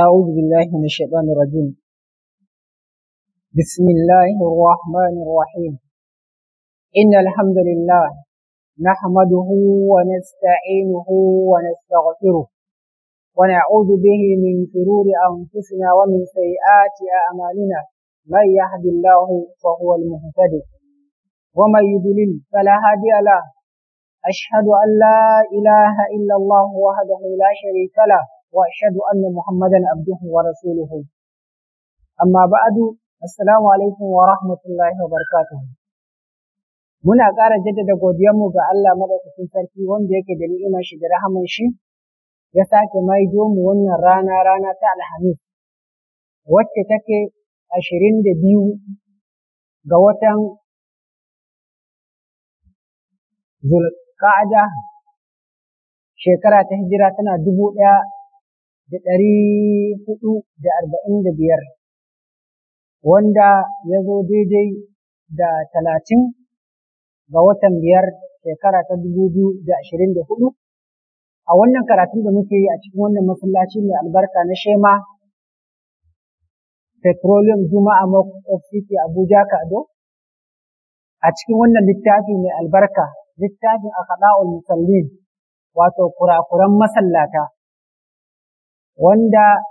أعوذ بالله من الشيطان الرجيم بسم الله الرحمن الرحيم إن الحمد لله نحمده ونستعينه ونستغفره ونعوذ به من شرور أنفسنا ومن سيئات أعمالنا من يهد الله فهو المهتدي ومن يضلل فلا هادي له أشهد أن لا إله إلا الله وحده لا شريك له وأشهد أن محمدا عبده ورسوله أما بعد السلام عليكم ورحمة الله وبركاته muna ƙara jaddada mu ga Allah madaukakin sarki wanda yake da ni'imar shi da rahaman shi ya sake maido mu wannan rana rana ta alhamis wacce take ashirin da biyu ga watan zulƙa'ada shekara ta hijira tana dubu ɗaya da ɗari hudu da arba'in da biyar wanda ya zo daidai da talatin ga watan biyar shekara ta dubu biyu da ashirin da hudu a wannan karatun da muke yi a cikin wannan masallaci mai albarka na shema petroleum juma'a Of city abuja kado a cikin wannan littafi mai albarka littafin akhlaqul musallin wato kurakuran masallata wanda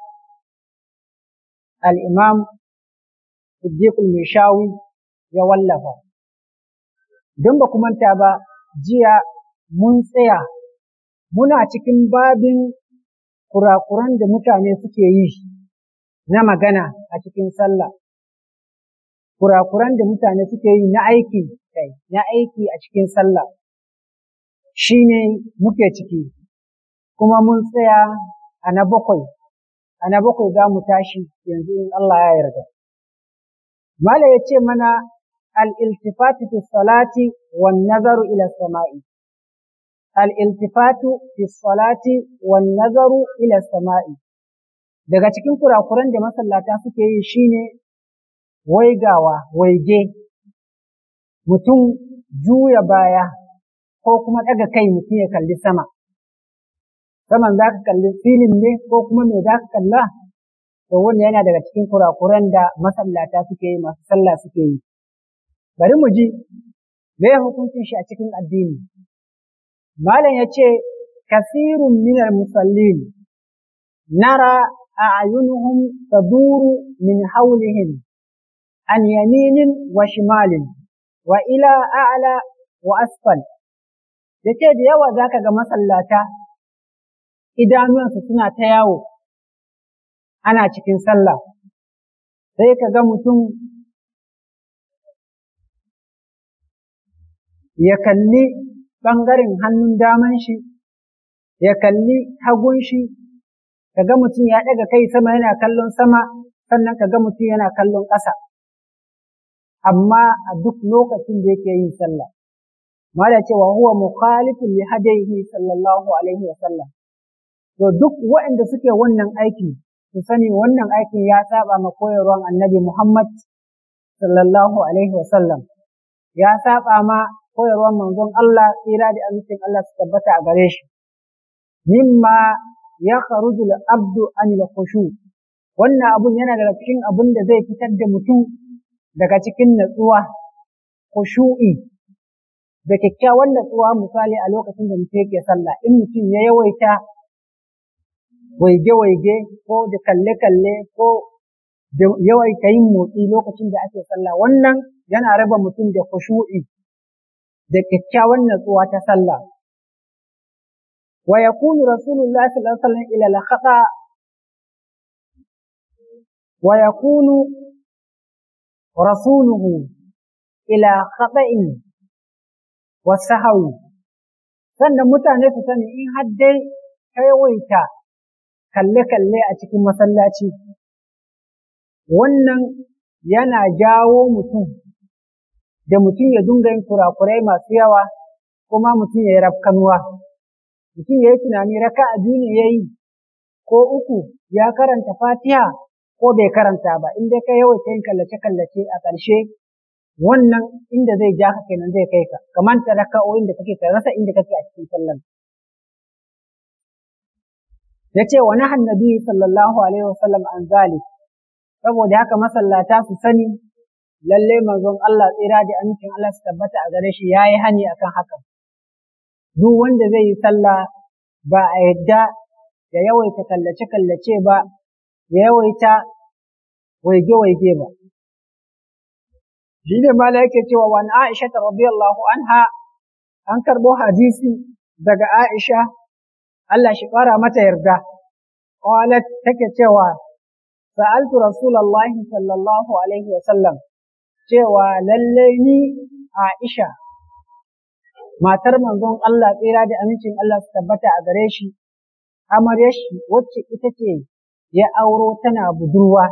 al'imam Siddiqul Mishawi ya wallafa. Don ba manta ba, jiya mun tsaya muna cikin babin kurakuran da mutane suke yi na magana a cikin sallah. Kurakuran da mutane suke yi na aiki na aiki a cikin sallah. Shi ne muke ciki, kuma mun tsaya a na bakwai a na bakwai za mu tashi yanzu in Allah ya yarda mala ya ce mana al'iltifatu iltifatu fi salati nazaru ila samai Al'iltifatu iltifatu fi salati wan nazaru ila samai daga cikin kurakuran da masallata suke yi shine waigawa waige mutum juya baya ko kuma ɗaga kai mutum ya kalli sama saman za ka kalli filin ne ko kuma me za ka kalla to wannan yana daga cikin kurakuran da masallata suke yi masu sallah suke yi bari mu ji me hukuncin shi a cikin addini malam ya ce kasirun minar musallin nara a a'yunuhum taduru min haulihim an yaminin wa shimalin wa ila a'la wa asfal ce da yawa zaka ga masallata idanuwansa suna ta yawo ana cikin sallah sai ka ga mutum ya kalli ɓangaren hannun daman shi ya kalli hagun shi ka ga mutum ya ɗaga kai sama yana kallon sama sannan ka ga mutum yana kallon ƙasa amma a duk lokacin da yake yin sallah ma da cewa huwa mukhalifun li hadaihi sallallahu alaihi wa sallam To duk waɗanda suke wannan aiki, su sani wannan aiki ya saba ma koyarwan annabi Muhammad sallallahu alaihi wasallam. Ya saba ma koyarwan manzon Allah tsira da amincin Allah su tabbata a gare shi. Mimma ya kharuju abdu anil khushu wannan abun yana daga cikin abun da zai fitar da mutum daga cikin natsuwa khushu'i da kyakkyawan natsuwa misali a lokacin da mutum yake sallah in mutum ya yawaita waige-waige ko da kalle-kalle ko da yawaita yin motsi lokacin da ake sallah wannan yana raba mutum da kushu'i da kyakkyawan natsuwa ta sallah. Wa yakunu Rasulullah sallallahu alaihi wasallam ila al wa yakunu rasuluhu ila khata'in wa sahawi sannan mutane su sani in har dai yawaita kalle-kalle a cikin masallaci. Wannan yana jawo mutum da mutum ya dunga yin kurakurai masu yawa kuma mutum ya yi rafkanuwa. Mutum ya yi tunani raka a ne ya yi ko uku ya karanta fatiha ko bai karanta ba Inda ka ka ta yin kallace-kallace a ƙarshe wannan inda zai ja ka kenan zai kai ka kamar ta raka'o'in da kake ka rasa inda kake a cikin sallan. ya ce wa nahan sallallahu alaihi wasallam an zalik saboda haka masallata su sani lalle manzon Allah tsira da amincin Allah su tabbata a gare shi yi hani akan haka duk wanda zai yi sallah ba a yadda ya yawaita kallace kallace ba ya yawaita waige waige ba shi ne mala yake cewa wani Aisha radiyallahu anha an karɓo hadisi daga Aisha Allah shi ƙara mata yarda qalat take cewa sa'altu rasulullahi sallallahu alaihi wa sallam cewa lalle ni Aisha matar manzon Allah tsira da amincin Allah su tabbata a gare shi amaryar shi wacce ita ce ya auro tana budurwa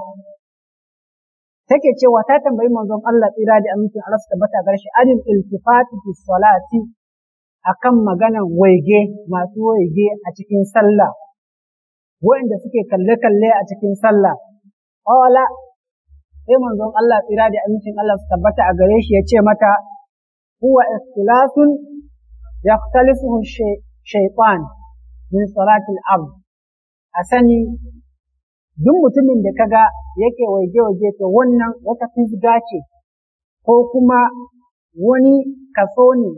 take cewa ta tambayi manzon Allah tsira da amincin Allah su tabbata a gare shi adil iltifati fi salati akan maganan waige masu waige a cikin sallah waɗanda suke kalle-kalle a cikin sallah awala sai manzon Allah tsira da amincin Allah su tabbata a gare shi ya ce mata huwa ikhtilasun yakhtalifuhu shaytan min salatil abd a sani duk mutumin da kaga yake waige-waige to wannan wata fizga ce ko kuma wani kaso ne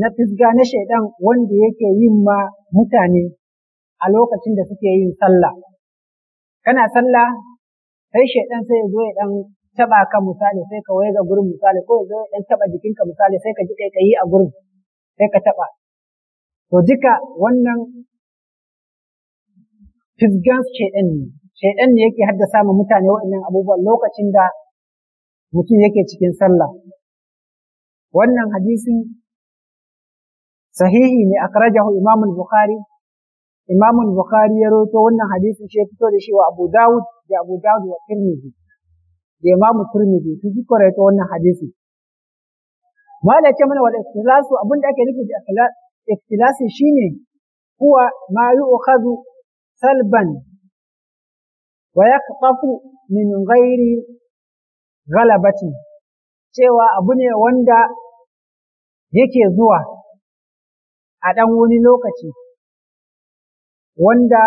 na fisga na shaidan wanda yake yin ma mutane a lokacin da suke yin sallah. Kana sallah, sai shaidan sai ya zo ya ɗan taɓa ka misali sai ka waiga gurin misali ko ya zo ya ɗan taɓa jikinka misali sai ka ji kai kayi a gurin sai ka taɓa. To duka wannan fisgan shaidan ne. Shaidan ne yake haddasa ma mutane waɗannan abubuwan lokacin da mutum yake cikin sallah. Wannan hadisin sahihi ne akrajahu imam bukhari imam bukhari ya roto wannan hadisi shi ya fito da shi wa abu dawud da abu dawud wa tirmidhi da imam tirmidhi su kore ta wannan hadisin mala ce mana wal ikhtilasu abin da ake nufi da ikhtilasi shine huwa ma yu'khadhu salban wa yaqtafu min ghairi galabatin cewa abu ne wanda yake zuwa a ɗan wani lokaci wanda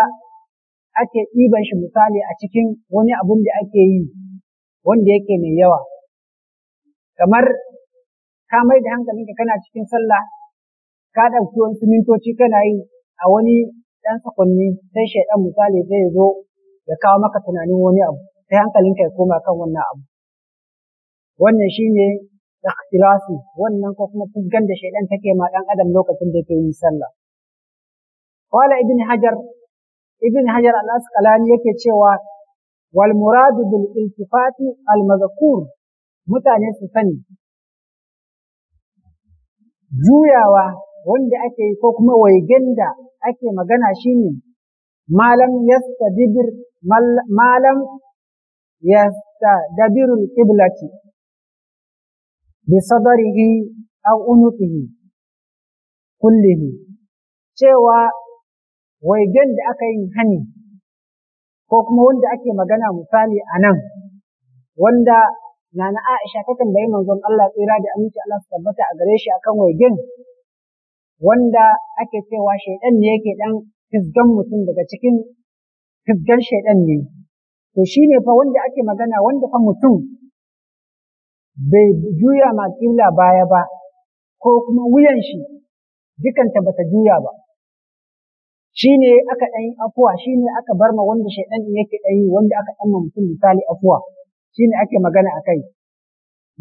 ake ɗiban shi misali a cikin wani abun da ake yi wanda yake mai yawa kamar ka mai da ka kana cikin sallah ka ɗauki wani mintoci kana yi a wani ɗan sakonni sai shaidan misali zai zo ya kawo maka tunanin wani abu sai hankalinka ya koma kan wannan abu wannan shine da wannan ko kuma fuskan da shaidan take ma dan adam lokacin da yake yi sallah qala ibn hajar ibn hajar al-asqalani yake cewa wal muradu bil iltifati al mazkur mutane su sani juyawa wanda ake yi ko kuma waigen da ake magana shine malam yastadibir malam Yastadabiru qiblati bisadarihi ne, kulle ne. cewa waigen da aka yi hani ko kuma wanda ake magana misali a nan wanda na Aisha ta tambayi manzon Allah tsira da aminci Allah su tabbata a gare shi akan waigen wanda ake cewa shaidan ne yake ɗan fisgan mutum daga cikin fisgan shaidan ne to ne fa wanda ake magana wanda fa mutum bai juya ma ƙibla baya ba ko kuma wuyan shi dukanta bata juya ba shi ne aka ɗan yi afuwa shi ne aka bar ma wanda shaidan ɗin yake ɗan yi wanda aka ɗan mutum misali afuwa shi ne ake magana a kai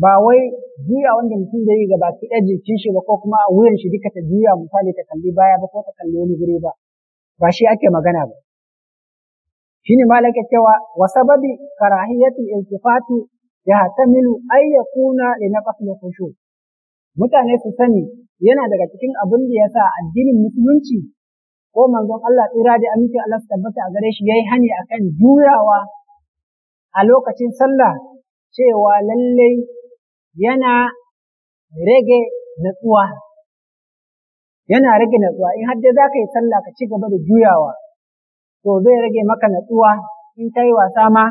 ba wai juya wanda mutum zai yi ga baki ɗaya jikin shi ba ko kuma wuyan shi duka ta juya misali ta kalli baya ba ko ta kalli wani guri ba ba shi ake magana ba shine malaka cewa wa sababi karahiyatul iltifati yahtamilu ay yakuna li naqsil khushu mutane su sani yana daga cikin abin da yasa addinin musulunci ko manzon Allah tsira da aminci Allah su tabbata a gare shi yayi hani akan jurawa a lokacin sallah cewa lallai yana rage natsuwa yana rage natsuwa in har dai za yi sallah ka ci gaba da juyawa to zai rage maka natsuwa in ta yi wasa ma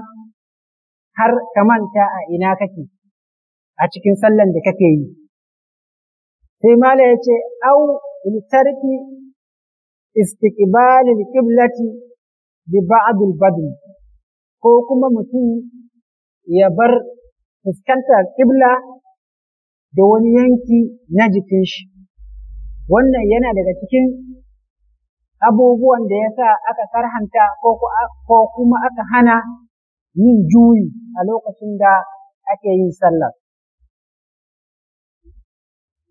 har ka manta a ina kake a cikin sallan da kake yi sai mala ya ce au litarki istiqbalil qiblati bi ba'd al ko kuma mutum ya bar fuskantar kibla da wani yanki na jikin shi wannan yana daga cikin abubuwan da ya sa aka karhanta ko kuma aka hana yin juyi a lokacin da ake yin sallar.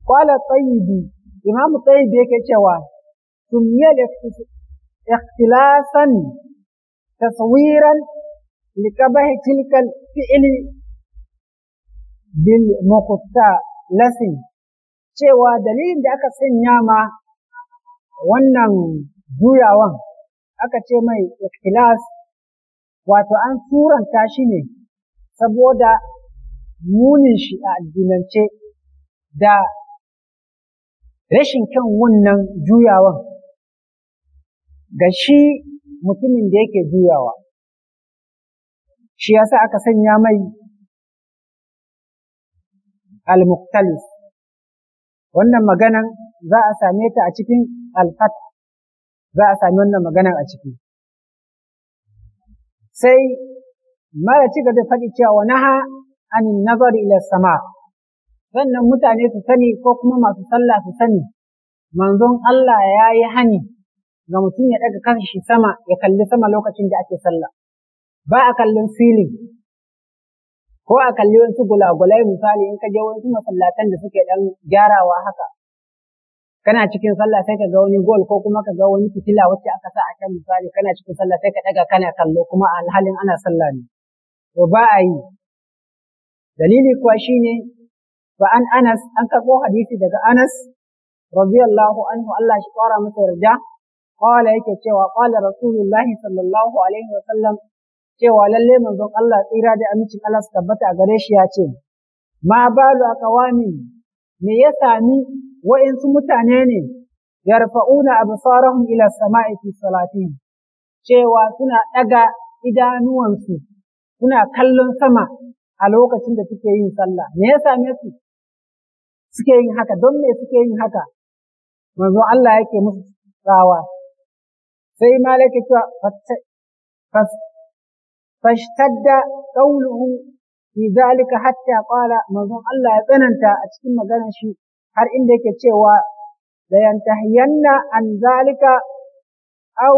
Kwala tsayibi, Imam tsayibi yake cewa, Tumiyar ikhtilasan taswiran likabahi tilkal fi'ili bil lasin cewa dalilin da aka sanya ma wannan juyawan aka ce mai ikhtilas wato an turanta shi ne saboda munin shi a addinance da rashin kyan wannan juyawan ga shi mutumin da yake juyawa. Shi ya sa aka sanya mai al-muktalis wannan maganan za a same ta a cikin al za a sami wannan maganan a ciki. sai mara ci gaba faɗi cewa wa naha an nazar ila sama sannan mutane su sani ko kuma masu sallah su sani manzon Allah ya yi hani ga mutum ya ɗaga kan shi sama ya kalli sama lokacin da ake sallah ba a kallon filin ko a kalli wasu gulagulai misali in ka je wasu masallatan da suke ɗan gyarawa haka kana cikin sallah sai ka ga wani gol ko kuma ka ga wani fitila wacce aka sa a kan misali kana cikin sallah sai ka daga kana kallo kuma a alhalin ana sallah ne to ba a yi dalili kuwa shine fa an Anas an karbo hadisi daga Anas radiyallahu anhu Allah shi kara masa yarda qala yake cewa qala rasulullahi sallallahu alaihi wa sallam cewa lalle manzon Allah tsira da amincin Allah su tabbata a gare shi ya ce ma balu aqwamin me ya sami waɗansu mutane ne yarfa'una absarahum ila sama'i fi salatin cewa suna ɗaga idanuwansu suna kallon sama a lokacin da suke yin sallah me yasa me su suke yin haka don me suke yin haka manzo Allah yake musu tsawa sai malaka cewa fashtadda qawluhu fi zalika hatta qala manzo Allah ya tsananta a cikin maganar shi har inda yake cewa la yantahiyanna an zalika aw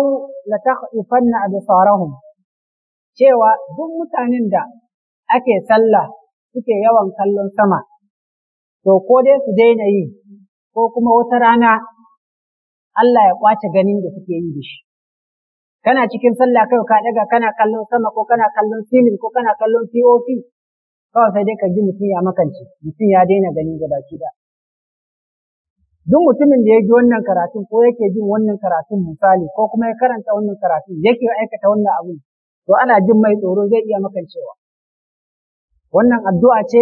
la takhifanna absarahum cewa duk mutanen da ake sallah suke yawan kallon sama to ko dai su daina yi ko kuma wata rana Allah ya kwace ganin da suke yi da shi kana cikin sallah kai ka daga kana kallon sama ko kana kallon filin ko kana kallon POP kawai sai dai ka ji mutum ya makance mutum ya daina ganin gaba ki da duk mutumin da ya ji wannan karatun ko yake jin wannan karatun misali ko kuma ya karanta wannan karatun yake aikata wannan abin to ana jin mai tsoro zai iya makancewa wannan addu'a ce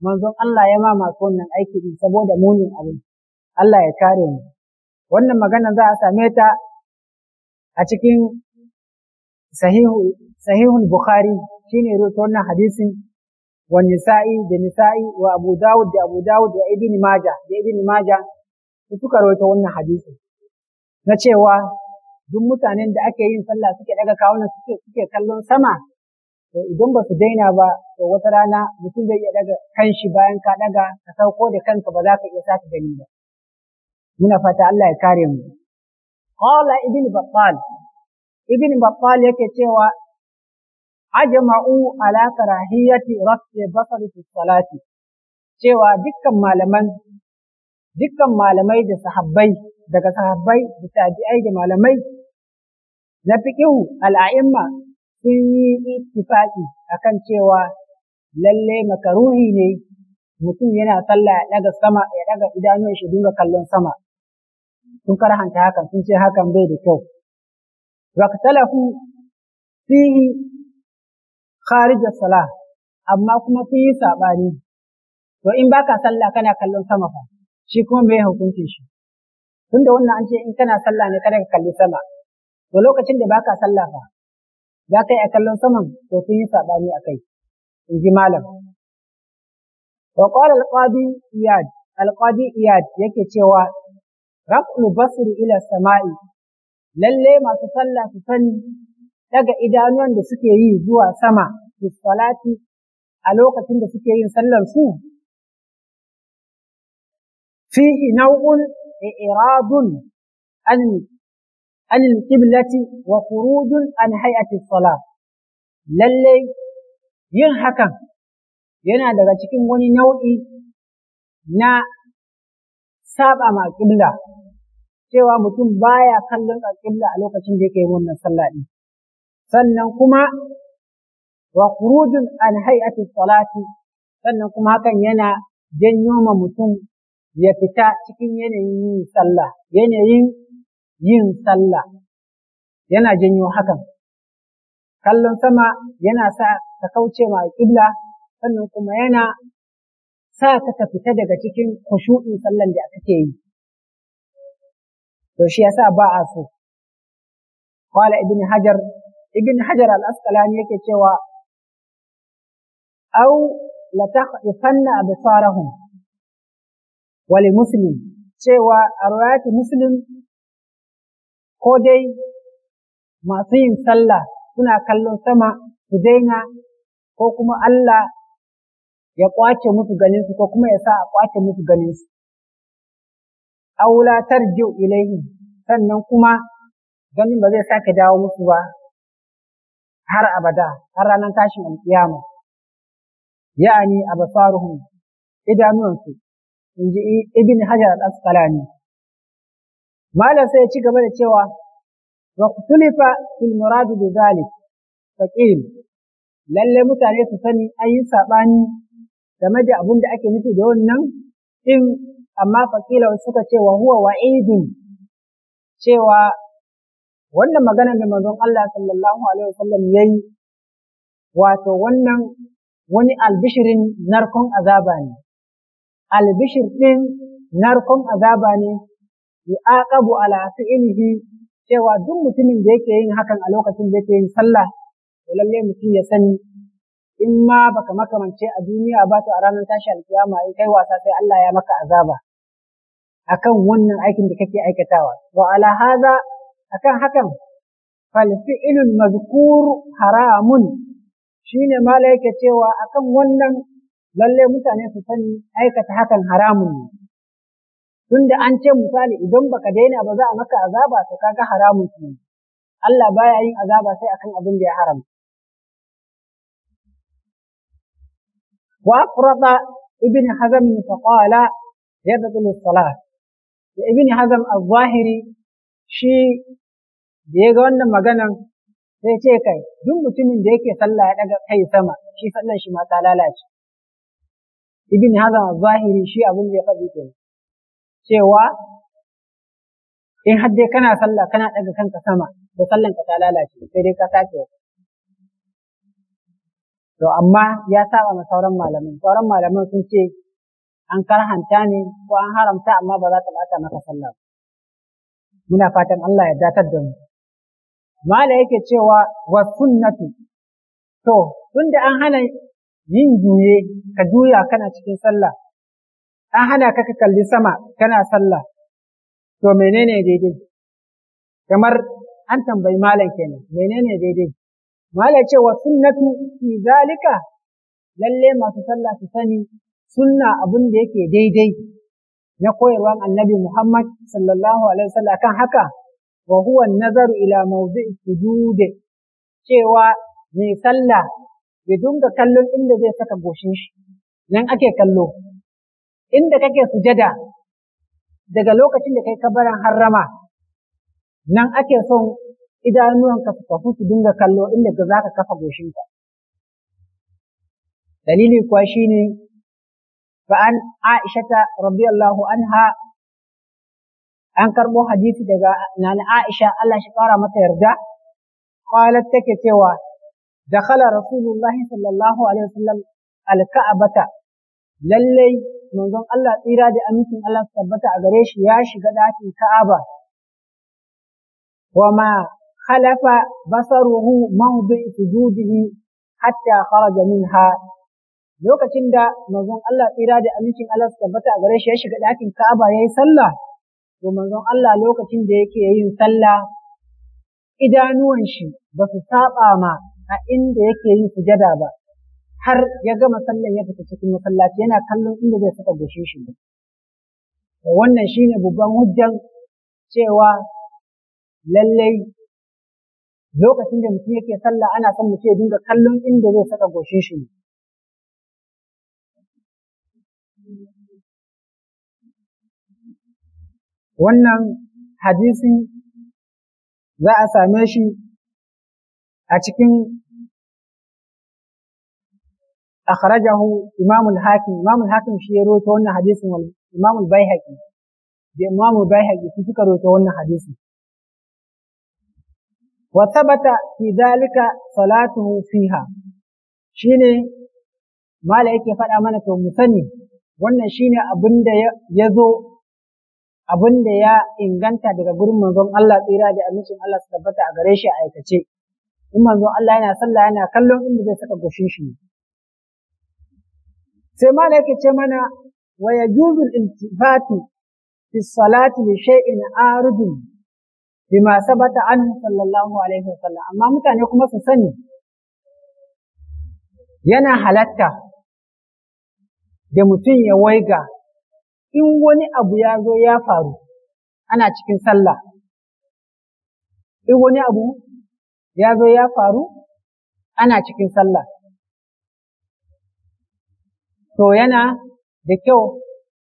manzon Allah ya ma masu wannan aiki din saboda munin abin Allah ya kare mu wannan magana za a same ta a cikin sahihu bukhari shine rawaito wannan hadisin wa nisa'i da nisa'i wa abu dawud da abu dawud da ibn majah da ibn majah su suka rawaito wannan hadisi na cewa duk mutanen da ake yin sallah suke daga kawunan suke suke kallon sama to idan ba su daina ba to wata rana mutum zai iya daga kanshi bayan ka daga ka sauko da kanka ba za ka iya sake gani ba muna fata Allah ya kare mu qala ibn battal ibn battal yake cewa ajma'u ala karahiyati rafi basari fi salati cewa dukkan malaman dukkan malamai da sahabbai daga sahabbai da tabi'ai da malamai na Fiƙihu al'a'imma sun yi ittifaqi akan cewa lalle makaruhi ne mutum yana sallah ya daga sama ya daga idanun shi dinga kallon sama sun karhanta hakan sun ce hakan bai da kyau waqtalahu fihi kharij as-salah amma kuma sun yi sabani to in baka sallah kana kallon sama fa shi kuma mai hukuncin shi tunda wannan an ce in kana sallah ne kada ka kalli sama to lokacin da baka sallah fa za ka yi a kallon saman to sun yi saɓani a kai in ji malam wa qala al-qadi iyad al iyad yake cewa rab'u basri ila sama'i lalle masu sallah su sani daga idanuwan da suke yi zuwa sama fi salati a lokacin da suke yin sallar su فيه نوع إعراض عن عن القبلة وخروج عن هيئة الصلاة للي yin ينا دغا cikin wani nau'i na saba ma qibla cewa mutum baya kallon qibla a lokacin da yake yin wannan sallah din sannan kuma wa khurujun an hay'ati salati sannan kuma hakan yana janyo ma mutum ya fita cikin yanayin yin sallah yanayin yin sallah yana janyo hakan kallon sama yana sa ka kauce ma alƙibla, sannan kuma yana sa ka ka fita daga cikin kushu'in sallan da kake yi to shi yasa ba a so Kwala ibn hajar ibn hajar al-asqalani yake cewa au la abu absarahum wali muslim cewa a riwayati muslim ko dai masu yin sallah suna kallon sama su daina ko kuma Allah ya kwace musu ganinsu ko kuma ya sa a kwace musu ganinsu. aulatar jiw ilaihi sannan kuma ganin ba zai sake dawo musu ba har abada har ranar tashin alƙiyama. ya'ani absaruhum idanuwansu in ji ibn hajar al-asqalani malam sai ya ci gaba da cewa wa khulifa fil murad bi zalik faqil lalle mutane su sani an yi sabani game da abin da ake nufi da wannan in amma faqila suka ce wa huwa wa'idun cewa wannan magana da manzon Allah sallallahu alaihi wasallam yayi wato wannan wani albishirin narkon azaba ne albishir ɗin narkon azaba ne ya aqabu ala fi'lihi cewa duk mutumin da yake yin hakan a lokacin da yake yin sallah to lalle mutum ya sani in ma baka makamance a duniya ba to a ranar tashi alkiyama in kai wasa sai Allah ya maka azaba akan wannan aikin da kake aikatawa wa ala hadha akan hakan fal fi'lul mazkur haramun shine malaika cewa akan wannan lalle mutane su sani aikata hakan haramun ne tunda an ce misali idan baka daina ba za a maka azaba to kaga haramun ne Allah baya yin azaba sai akan abin da ya haram wa afrada ibn hazm fa qala yabtul salat ya ibn hazm al-zahiri shi da ya ga wannan maganan sai ya ce kai duk mutumin da yake sallah ya daga kai sama shi sallan shi ma ta lalace Ibin haza zahiri shi abin da ya faɗi kenan cewa in har dai kana sallah kana ɗaga kanka sama da sallan ka ta lalace sai dai ka sake to amma ya saba ma sauran malamin sauran malamin sun ce an karhanta ne ko an haramta amma ba za ta bata maka sallah muna fatan Allah ya datar da mu Malam yake cewa wa sunnatu to tunda an hana yin juye ka juya kana cikin sallah an hana ka ka kalli sama kana sallah to menene daidai kamar an tambayi malam kenan menene daidai malam ce wa sunnatu fi zalika lalle masu sallah su sani sunna abun da yake daidai na koyarwa annabi Muhammad sallallahu alaihi wasallam kan haka wa huwa nazaru ila mawdi'i sujudi cewa mai sallah ya dinga kallon inda zai saka goshin shi nan ake kallo inda kake sujada daga lokacin da kai kabarin harrama nan ake son idanuwanka su kafu su dinga kallo inda ga za ka kafa goshinka dalili kuwa shine fa'an aishata radiyallahu anha an karɓo hadisi daga nana aisha Allah shi ƙara mata yarda ƙwalar take cewa dakhala rasulullahi sallallahu alaihi wasallam alka'abata lallai manzon Allah tsira da amincin Allah tabbata a gare shi ya shiga ɗakin Ka'aba wa ma khalafa basaruhu mawdi sujudihi hatta kharaja minha lokacin da manzon Allah tsira da amincin Allah tabbata a gare shi ya shiga ɗakin Ka'aba yi sallah to manzon Allah lokacin da yake yin sallah idanuwan shi ba su saba ma a inda yake yin sujada ba har ya gama sallan ya fita cikin masallaci yana kallon inda zai saka goshe shi ne wannan shine babban hujjan cewa lallai lokacin da mutum yake sallah ana son mutum ya dinga kallon inda zai saka goshe shi ne wannan hadisin za a same shi a cikin akhrajahu imam al-hakim imam al-hakim shi ya rawaito wannan hadisin wal imam al-baihaqi da imam al-baihaqi su suka rawaito wannan hadisin wa thabata fi dalika salatuhu fiha shine mala yake faɗa mana to mu sani wannan shine abin da ya zo abin da ya inganta daga gurin manzon Allah tsira da amincin Allah su tabbata a gare shi a aikace in manzon Allah yana sallah yana kallon inda zai saka goshin shi sai malaka ce mana wa yajuzu al-iltifatu fi salati bi shay'in aridin bima sabata an sallallahu alaihi wa sallam. amma mutane kuma su sani yana halatta da mutum ya waiga in wani abu ya zo ya faru ana cikin sallah in wani abu ya zo ya faru ana cikin sallah to yana da kyau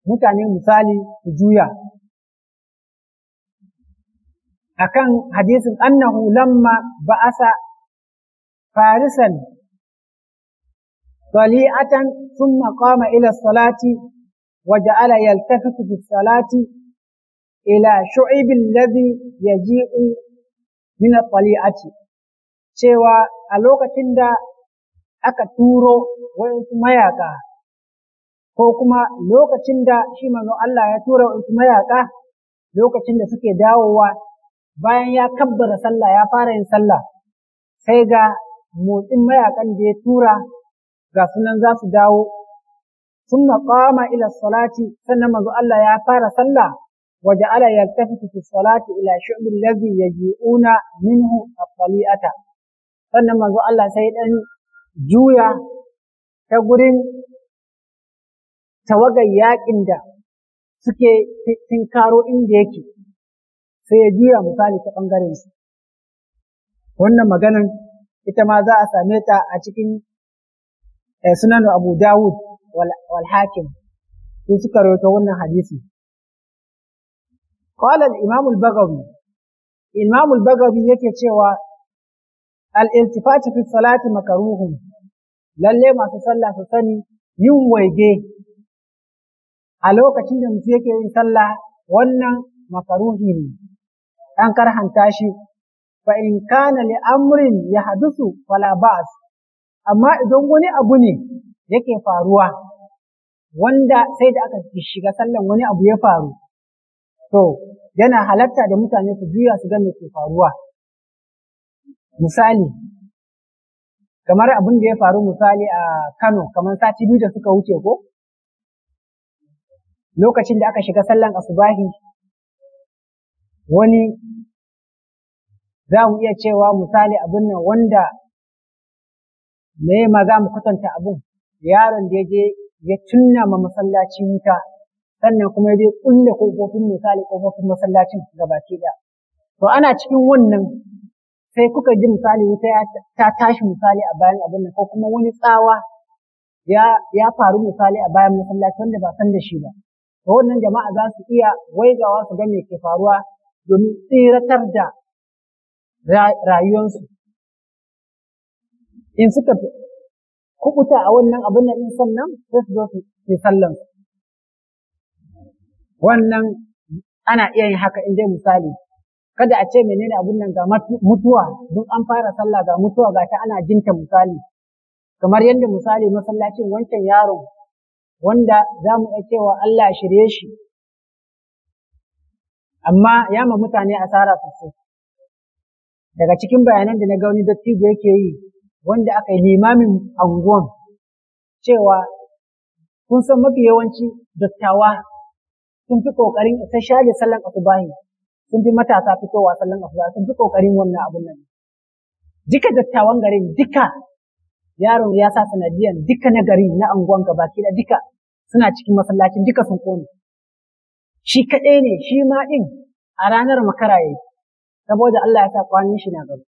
mutane misali su juya akan hadisin annahu lamma ba'asa farisan طليعة ثم قام إلى الصلاة وجعل يلتفت في الصلاة إلى شعب الذي يجيء من الطليعة cewa a lokacin da aka turo waɗansu mayaƙa ko kuma lokacin da shi manzo Allah ya tura waɗansu mayaƙa lokacin da suke dawowa bayan ya kabbara sallah ya fara yin sallah sai ga motsin mayaƙan da ya tura ga sunan za su dawo sun maƙama ila salati sannan manzo Allah ya fara sallah وجعل يلتفت في ila إلى شعب الذي minhu منه الطليئة sannan manzo Allah sai ɗan juya ta gurin tawagar yaƙin da suke tinkaro inda yake sai ya juya misali ta ɓangaren su. Wannan maganan ita ma za a same ta a cikin eh, sunan Abu Dawud wal Hakim su suka rawaito wannan hadisi. Qala imamul Imam al baghawi imam yake cewa al'iltifati fi salati makaruhun lalle masu sallah su sani yin waige a lokacin da mutum yake yin sallah wannan makaruhi ne an karhanta shi fa in kana li amrin ya hadusu fala ba'as amma idan wani abu ne yake faruwa wanda sai da aka shiga sallan wani abu ya faru to yana halatta da mutane su juya su ga me ke faruwa misali kamar abin da ya faru misali a Kano kamar sati biyu da suka wuce ko lokacin da aka shiga sallan asubahi wani za mu iya cewa misali abin nan wanda me ma za mu kwatanta abin yaron da ya je ya tunna ma masallaci wuta sannan kuma ya je kulle kofofin misali kofofin masallacin gabaki ɗaya to ana cikin wannan sai kuka ji misali wuta ta tashi misali a bayan abin nan ko kuma wani tsawa ya faru misali a bayan masallaci wanda ba san da shi ba to wannan jama'a za su iya waigawa su ga me ke faruwa domin tsiratar da rayuwarsu in suka kubuta a wannan abin nan in sannan sai su zo su yi sallan wannan ana iya yin haka in dai misali kada a ce menene abun nan ga mutuwa duk an fara sallah ga mutuwa ga ta ana jinta misali kamar yadda misali masallacin wancan yaro wanda za mu iya cewa Allah shirye shi amma ya ma mutane asara sosai daga cikin bayanan da na ga wani dattijo yake yi wanda aka yi limamin anguwan cewa kun san mafi yawanci dattawa sun fi ƙoƙarin isa shaje sallan asubahi sun fi matasa fitowa sallan asuba sun fi kokarin wannan abun nan duka dattawan garin duka yaron ya sa sanadiyan duka na gari na anguwan gaba da duka suna cikin masallacin duka sun kone shi kaɗai ne shi ma ɗin a ranar makara yayi saboda Allah ya sa kwanin shi na gaba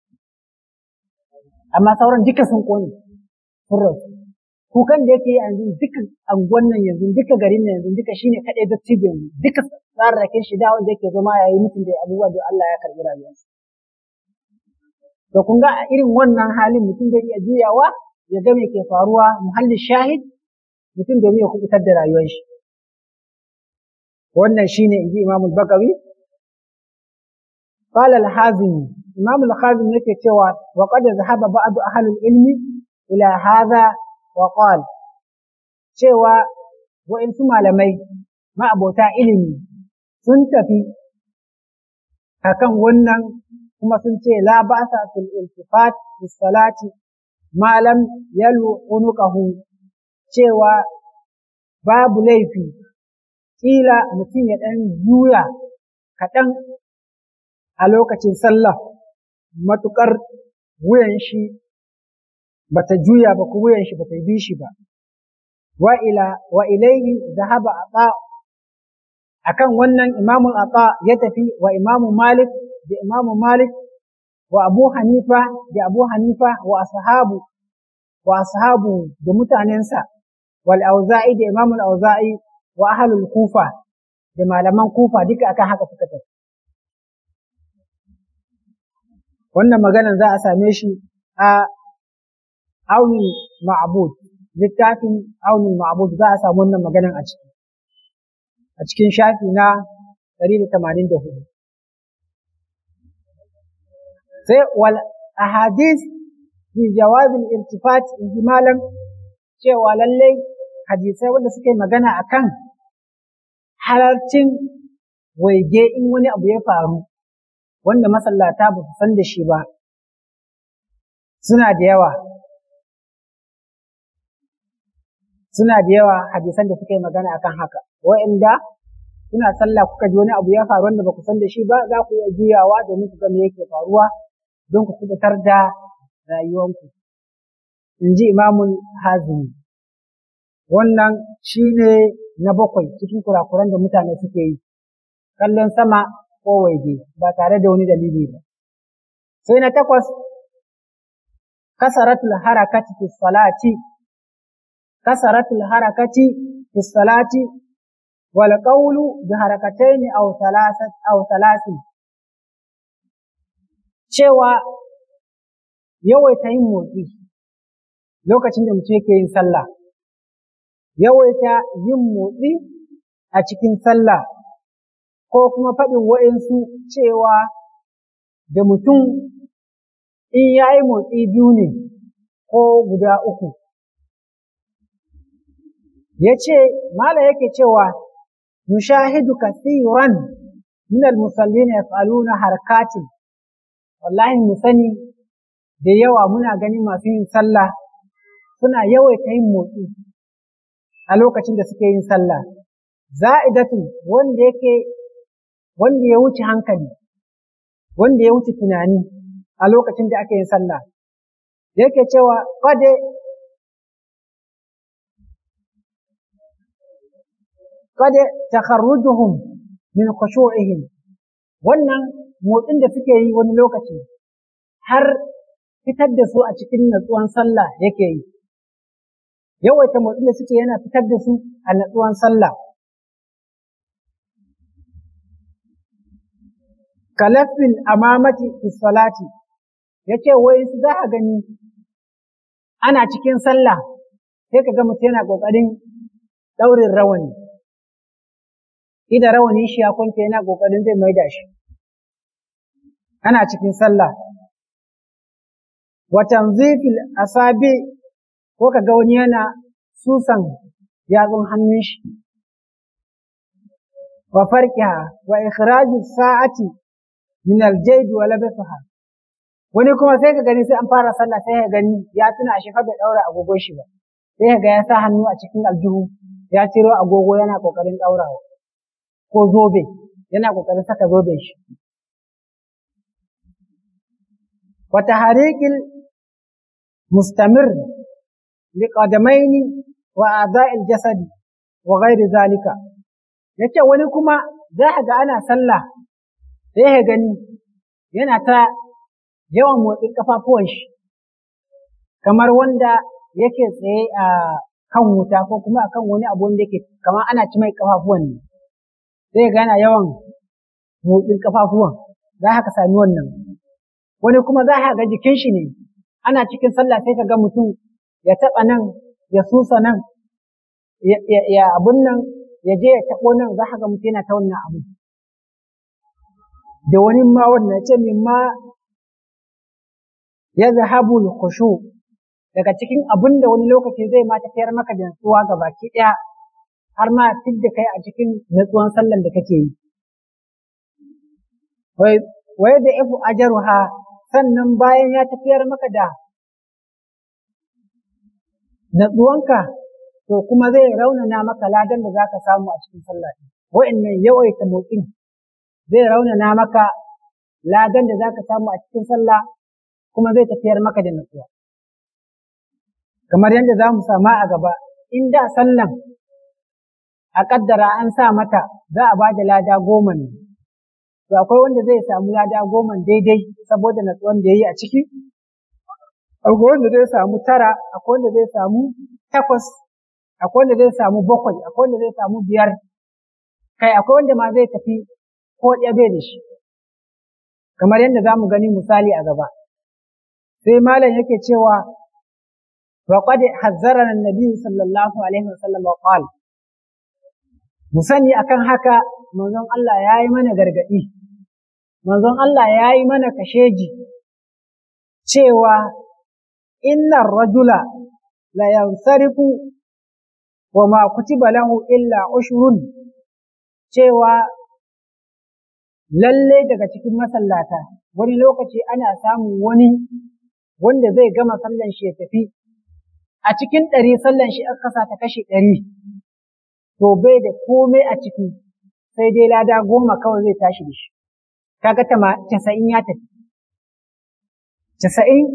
amma sauran duka sun kone sun rasu kukan da yake yanzu duka anguwan nan yanzu duka garin nan yanzu duka shine kadai dattijo yanzu duka tsararrakin shi da wanda yake zama yayi mutum da abubuwa da Allah ya karbi rayuwarsa to kun ga irin wannan halin mutum da iya juyawa ya ga me ke faruwa muhallin shahid mutum domin ya kubutar da rayuwar shi wannan shine inji Imam al-Baqawi قال الحازمي إمام الحازمي يكتوى وقد ذهب بعض أهل العلم إلى هذا wa cewa wa'insu malamai ma'abota ilimi sun tafi akan wannan kuma sun ce la ba sa fil iltifat bis salati malam yalu unukahu cewa babu laifi kila mutum ya ɗan juya kaɗan a lokacin sallah matuƙar wuyan shi bata juya ba ku wuyan shi bata bi shi ba wa ila wa zahaba ata akan wannan imamu ata ya tafi wa imamu malik da imamu malik wa abu hanifa da abu hanifa wa ashabu wa ashabu da mutanensa wal auza'i da imamu al auza'i wa ahlul kufa da malaman kufa duka akan haka suka tafi wannan maganan za a same shi a aunin ma'abud littafin aunin ma'abud za a samu wannan maganan a ciki a cikin shafi na 184 sai wal ahadith fi jawab al irtifat ijmalan cewa lallai hadisai wanda suke magana akan halarcin waige in wani abu ya faru wanda masallata ba su san da shi ba suna da yawa suna da yawa hadisan da suka yi magana akan haka wa'inda suna sallah kuka ji wani abu ya faru wanda ba ku san da shi ba za ku iya juyawa da ku ga me yake faruwa don ku kubutar da rayuwanku in ji imamun hazimi wannan shi ne na bakwai cikin kurakuran da mutane suke yi kallon sama ko waje ba tare da wani dalili ba sai na takwas kasaratul harakati fi salati al harakati fi salati wal qawlu bi harakatayn aw thalathat aw thalathin cewa yawaita yin motsi lokacin da mutum yake yin sallah yawaita yin motsi a cikin sallah ko kuma faɗin wa'insu cewa da mutum in ya yi motsi biyu ne ko guda uku ya ce mala yake cewa yushahidu kasiran min almusallin yaf'aluna harkatin wallahi mu sani da yawa muna ganin masu yin sallah suna yawaita yin motsi a lokacin da suke yin sallah za'idatu wanda yake wanda ya wuce hankali wanda ya wuce tunani a lokacin da ake yin sallah yake cewa faɗe! kada takharrujuhum min khushu'ihim wannan motsin da suke yi wani lokaci har fitar da su a cikin natsuwan sallah yake yi yawaita motsin da suke yana fitar da su a natsuwan sallah kalafin amamati fi salati yace wai su za a gani ana cikin sallah sai ka ga mutum yana ƙoƙarin ɗaurin rawani idan rawanin shi ya kwanta yana ƙoƙarin zai mai da shi ana cikin sallah wa tanzifil asabi ko ka ga wani yana susan yatsun hannun shi wa farqiha wa ikhraj sa'ati min al-jayd wa labasaha. wani kuma sai ka gani sai an fara sallah sai ka gani ya tuna shi fa bai daura agogon shi ba sai ka ga ya sa hannu a cikin aljihu ya ciro agogo yana kokarin daurawa ko zobe yana ƙoƙarin saka zobe shi wata hariƙin mustamir liƙadamaini wa adha'il jasadi wa ghairi zalika yace wani kuma za ka ga ana sallah sai ya gani yana ta yawan motsi ƙafafuwan shi kamar wanda yake tsaye a kan wuta ko kuma akan wani abu wanda yake kamar ana ci mai ƙafafuwan. ne zai gana yawan motsin kafafuwan za ka sami wannan wani kuma za ka ga jikin shi ne ana cikin sallah sai ka ga mutum ya taɓa nan ya susa nan ya abun nan ya je ya taɓo nan za ka ga mutum yana ta wannan abu da wani ma wannan ya ce min ma ya zahabu khushu daga cikin abun da wani lokaci zai ma fiyar maka da nutsuwa ga baki ɗaya har ma duk da kai a cikin natsuwan sallan da kake yi. Wai da ifu ajaruha sannan bayan ya tafiyar maka da natsuwanka to kuma zai raunana maka ladan da za ka samu a cikin sallah. Wa'annan ta motsin zai raunana maka ladan da za ka samu a cikin sallah kuma zai tafiyar maka da natsuwa. Kamar yadda za mu sama a gaba, in da sallan a ƙaddara an sa mata za a ba da lada goma ne. To akwai wanda zai samu lada goma daidai saboda natsuwan da ya yi a ciki? Akwai wanda zai samu tara, akwai wanda zai samu takwas, akwai wanda zai samu bakwai, akwai wanda zai samu biyar, kai akwai wanda ma zai tafi ko ɗaya bai da shi. Kamar yadda za mu gani misali a gaba. Sai malam yake cewa, wa ƙwade hazzarana na nabiy sallallahu alaihi wasallam wa qala Mu sani akan haka manzon Allah ya yi mana gargaɗi, manzon Allah ya yi mana kasheji cewa innan rajula la yansarifu wa ma kutiba lahu illa ushurun cewa lalle daga cikin masallata wani lokaci ana samun wani wanda zai gama sallan shi ya tafi a cikin ɗari sallan shi aka ƙasa ta kashe ɗari to bai da komai a ciki sai dai lada goma kawai zai tashi da shi kaga casa'in ya tafi casa'in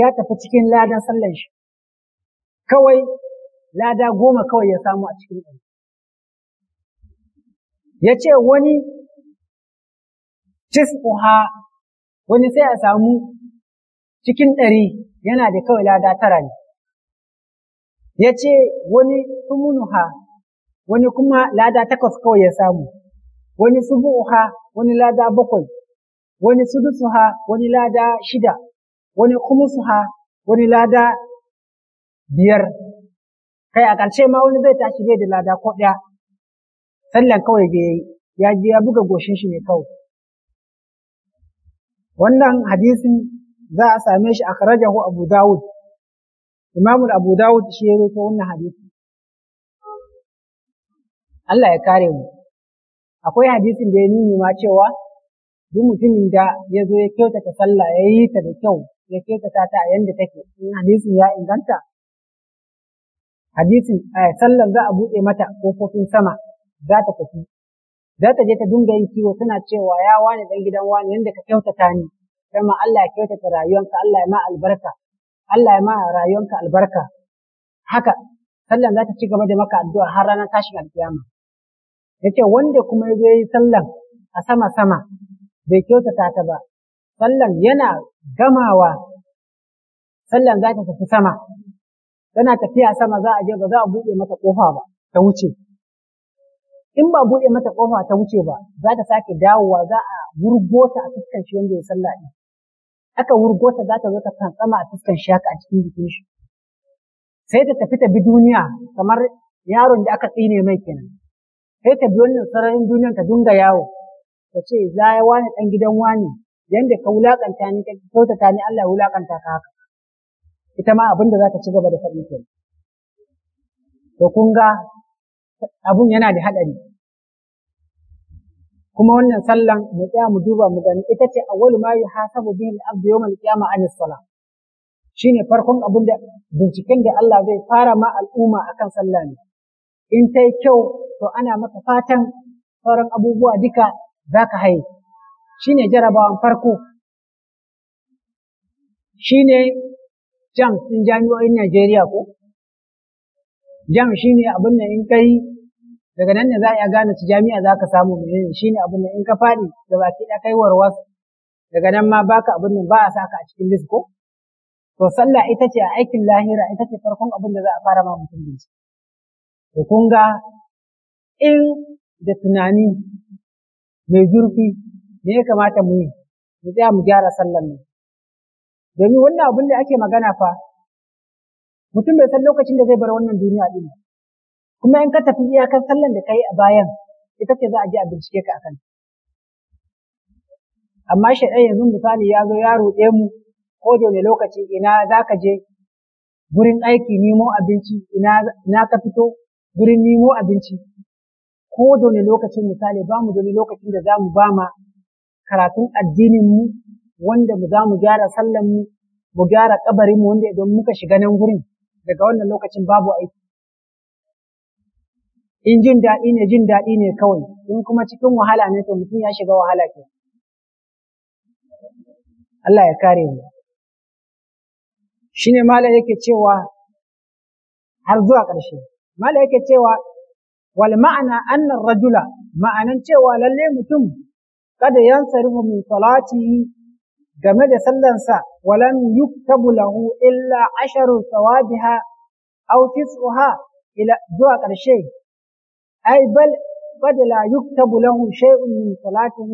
ya tafi cikin ladan sallan shi kawai lada goma kawai ya samu a cikin ɗan. ya ce wani tis'uha wani sai a samu cikin ɗari yana da kawai lada tara ne ya ce wani tumunuha wani kuma lada takwas kawai ya samu, wani subu'uha wani lada bakwai, wani sudusuha wani lada shida, wani kumusuha wani lada biyar, kai a ƙarshe ma wani zai tashi bai da lada ko ɗaya, sallan kawai da ya je ya buga goshin shi ne kawai. Wannan hadisin za a same shi a karajahu Abu Dawud, Imamul Abu Dawud shi ya wannan hadisi. Allah ya kare mu akwai hadisin da ya nuni ma cewa duk mutumin da ya zo ya kyautata sallah ya yi ta da kyau ya kyautata ta a yanda take in hadisin ya inganta hadisin eh, sallan za a buɗe mata kofofin sama za ta tafi za ta je ta dinga yin kiwo tana cewa ya wani dan gidan wani yanda ka kyautata ni kuma Allah ya kyautata rayuwanka Allah ya ma albarka Allah ya ma rayuwanka albarka haka sallan za ta ci gaba da maka addu'a har ranar tashin alkiyama yace wanda kuma ya yi sallan a sama sama bai kyautata ta ba sallan yana gamawa sallan za ta tafi sama tana tafiya sama za a je ba za a buɗe mata ƙofa ba ta wuce in ba buɗe mata ƙofa ta wuce ba za ta sake dawowa za a wurgo ta a fuskan shi wanda ya sallah ɗin aka wurgo ta za ta zo ta kantsama a fuskan shi haka a cikin jikin shi sai ta tafi ta bi duniya kamar yaron da aka tsine mai kenan sai ta bi wannan sararin duniyan ta dunga yawo ta ce za ya wani ɗan gidan wani yadda ka wulaƙanta ni ka kyautata ni Allah ya wulaƙanta ka haka ita ma abin da za ta ci gaba da faɗi kenan to kun ga abun yana da haɗari kuma wannan sallan mu tsaya mu duba mu gani ita ce awwalu ma yuhasabu bihi al-abdu yawm al-qiyamah an salah Shi ne farkon abin da binciken da Allah zai fara ma al'umma kan sallah ne in ta yi kyau to ana maka fatan sauran abubuwa duka za ka haye ne jarabawan farko Shi ne jam ɗin jami'o'in Najeriya ko jam shine abin da in kai daga nan ne za a iya gane su jami'a za ka samu menene ne abin da in ka faɗi da ki ɗaya kai warwas daga nan ma baka abin nan ba a saka a cikin disko to sallah ita ce a aikin lahira ita ce farkon abin da za a fara ma mutum bincike to kun ga in da tunani mai zurfi ne ya kamata mu yi mu tsaya mu gyara sallar ne. domin wannan abin da ake magana fa mutum bai san lokacin da zai bar wannan duniya din kuma in ka tafi iyakar sallar da ka yi a bayan ita ce za a je a bincike ka akan amma shaidan yanzu misali ya zo ya roɗe mu ko da wani lokaci ina za ka je gurin aiki nemo abinci ina ka fito gurin nemo abinci ko da wani lokacin misali ba mu da lokacin da za mu ba ma karatun addinin mu wanda mu za mu gyara sallan mu mu gyara kabarin mu wanda idan muka shiga nan gurin daga wannan lokacin babu aiki in jin daɗi ne jin daɗi ne kawai in kuma cikin wahala ne to mutum ya shiga wahala ke Allah ya kare mu shine mala yake cewa har zuwa ƙarshe mala yake cewa wal ma'ana annar rajula ma'anan cewa lalle mutum kada yansarifu min salatihi game da sallansa walam yuktabu lahu illa asharu sawabiha aw tis'uha ila zuwa ƙarshe ai bal قد لا يكتب له شيء من صلاته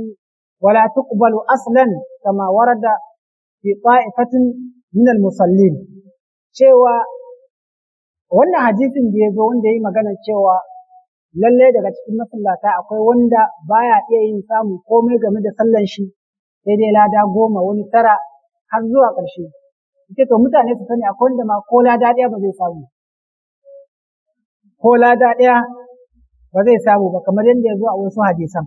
ولا تقبل أصلا كما ورد في طائفة minal musallin cewa wannan hadisin da ya zo wanda ya yi magana cewa lalle daga cikin masallata akwai wanda baya iya yin samu komai game da sallan shi sai dai lada goma wani tara har zuwa ƙarshe ita to mutane su sani akwai wanda ma ko lada ɗaya ba zai samu ko lada ba zai samu ba kamar yadda ya zo a wasu hadisan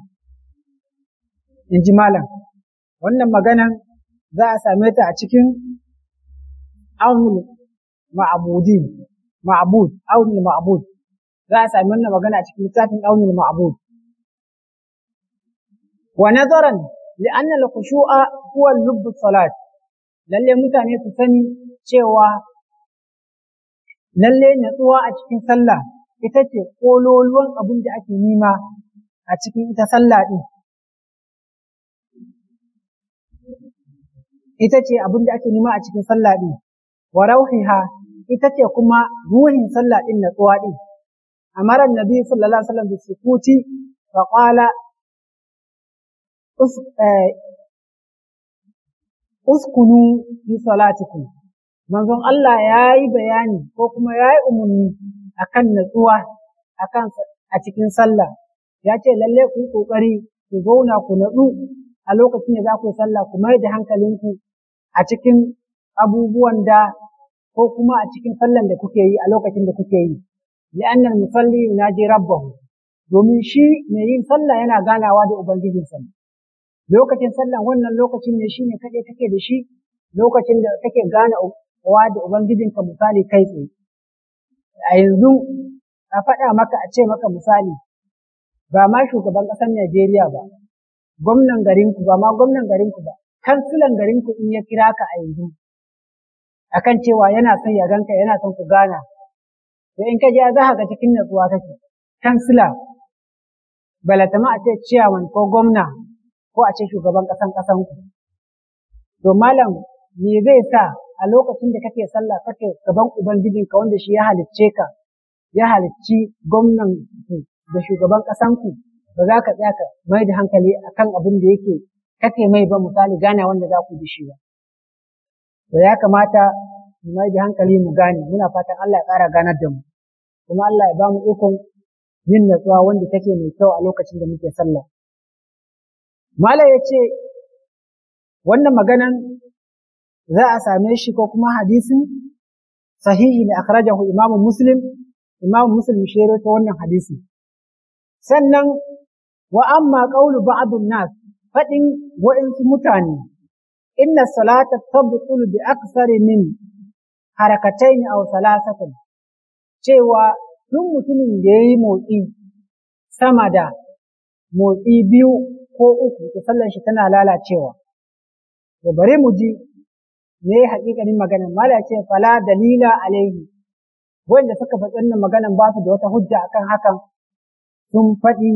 in ji malam wannan maganan za a same ta a cikin aunul ma'budin ma'bud aunul ma'bud za a sami wannan magana a cikin littafin aunul ma'bud wa nazaran li'anna al-khushu'a huwa lubb salat lalle mutane su sani cewa lalle natsuwa a cikin sallah ita ce kololuwan abin da ake nima a cikin ita sallah din ita ce abin da ake nima a cikin sallah din wa rauhiha ita ce kuma ruhin sallah din natsuwa din amara nabi sallallahu alaihi wasallam bi sukuti fa qala eh, uskunu bi salatikum manzon Allah yayi bayani ko kuma yayi yi umarni akan natsuwa akan a cikin sallah ya ce lalle ku yi kokari ku zauna ku natsu a lokacin da za ku yi sallah ku mai da hankalinku a cikin abubuwan da ko kuma a cikin sallan da kuke yi a lokacin da kuke yi li'anna musalli yunaji rabbahu domin shi mai yin sallah yana ganawa da ubangijinsa lokacin sallan wannan lokacin ne shine kaɗai kake da shi lokacin da kake wa da ka misali kai tsaye a yanzu a faɗa maka a ce maka misali ba ma shugaban ƙasar Najeriya ba gwamnan garinku ba ma gwamnan garinku ba kansilan garinku in ya kira ka a yanzu akan cewa yana son ya ganka yana son ku gana to in ka za ka ga cikin natsuwa kake kansila balatama a ce ciyaman ko gwamna ko a ce shugaban ƙasan ku. to malam me zai sa a lokacin da kake sallah kake gaban ka wanda shi ya halicce ka ya halicci gwamnan ku da shugaban ku, ba za ka tsaya ka mai da hankali akan abin da yake kake mai ba misali gana wanda za ku ji shi ba da ya kamata mu mai da hankali mu gane muna fatan Allah ya ƙara ganar da mu kuma Allah ya ba mu ikon yin natsuwa wanda take mai kyau a lokacin da muke sallah Malam ya ce wannan maganan za a same shi ko kuma hadisin sahihi ne akhrajahu imamu Muslim imamu Muslim shi ta wannan hadisi sannan wa amma qawlu ba'd nas fadin wa'insu mutane inna salata tabtul bi aksari min harakatayn aw cewa duk mutumin da yayi motsi sama da motsi biyu ko uku to sallar shi tana lalacewa da bari mu ji me ya magana mala ce fala dalila alaihi wanda suka faɗi wannan maganan ba su da wata hujja akan hakan sun faɗi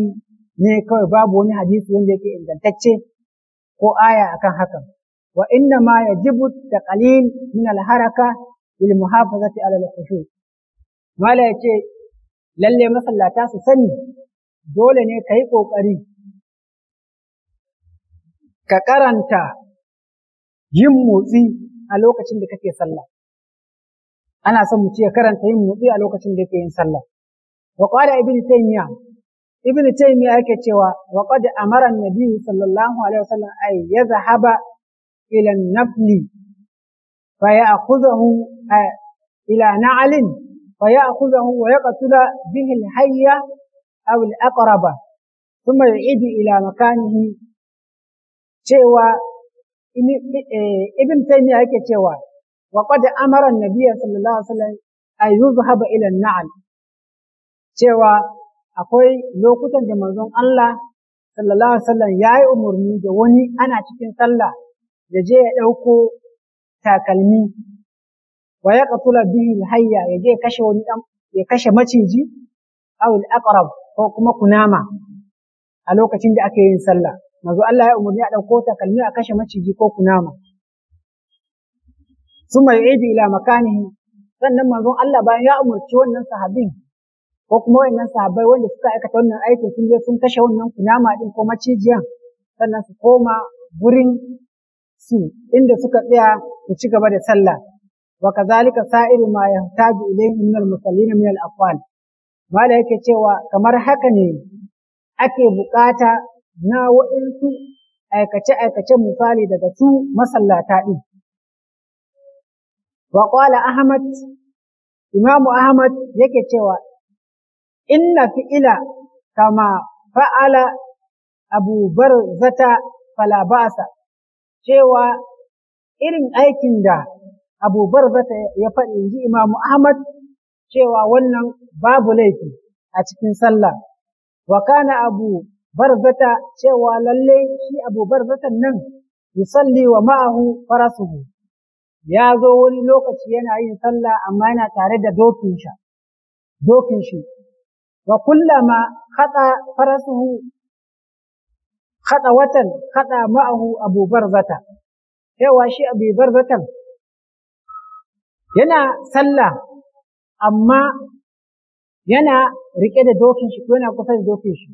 ne kawai babu wani hadisi wanda yake ingantacce ko aya akan hakan وإنما يجب التقليل من الحركة للمحافظة على الخشوع ما لا يتي للي مثلا تاسو سني دولة نيكي قوكري كقرنتا يموتي a lokacin da kake sallah ana son mu ce karanta yin motsi a lokacin da yake yin sallah wa qala taymiya ibnu taymiya yake cewa wa qad an-nabi إلى النفل فيأخذه آه، إلى نعل فيأخذه ويقتل به الحية أو الأقرب ثم يعيد إلى مكانه شيوى إيه، ابن تيمية هيك شيوى وقد أمر النبي صلى الله عليه وسلم أن يذهب إلى النعل شيوى أقول لو كنت جمزون الله صلى الله عليه وسلم يا أمرني جوني أنا تكن صلى الله ya je ya ɗauko takalmi wa ya qatula bihi hayya ya je kashe wani ɗan ya kashe maciji wani al ko kuma kunama a lokacin da ake yin sallah manzo Allah ya umarni a ɗauko takalmi a kashe maciji ko kunama summa yu'idu ila makanihi sannan manzon Allah bayan ya umarci wannan sahabin ko kuma wannan sahabbai wanda suka aikata wannan aikin sun je sun kashe wannan kunama din ko macijiyan sannan su koma gurin su inda suka tsaya su ci gaba da sallah wa kazalika sa'iru ma yahtaju ilayhi min al-musallin min al-aqwal mala yake cewa kamar haka ne ake bukata na waɗansu aikace aikace misali daga su masallata din wa qala ahmad imam ahmad yake cewa inna fi'ila kama fa'ala abu barzata fala ba'sa cewa irin aikin da Abu Barzata ya faɗi ji Imamu Ahmad cewa wannan babu laifi a cikin sallah wa kana Abu Barzata cewa lalle shi Abu Barzatan nan yusalli wa ma'ahu farasuhu ya zo wani lokaci yana yin sallah amma yana tare da dokin shi wa kullama farasuhu haɗa watan haɗa ma'ahu abu barzata yawa shi abu barzatan yana sallah amma yana riƙe da dokin shi ko yana kusa da dokin shi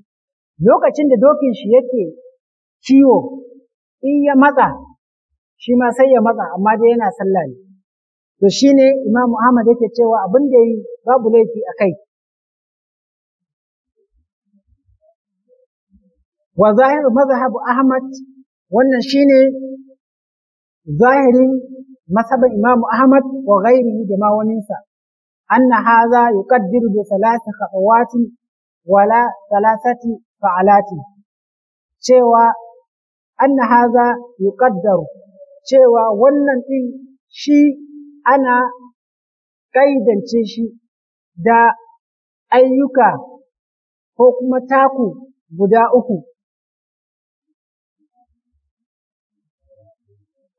lokacin da dokin shi yake ciwo, in ya matsa shi ma sai ya matsa amma dai yana sallah ne to shi ne imamu ahmad yake cewa abin da yi babu laifi a kai wa zahir mazhabu Ahmad wannan shine zahirin masabin Imam Ahmad wa ghairihi da mawaninsa waninsa anna hadha yuqaddiru bi thalath khatawati wala thalathati fa'alati cewa anna hadha yuqaddaru cewa wannan din shi ana kaidance shi da ayyuka ko kuma taku guda uku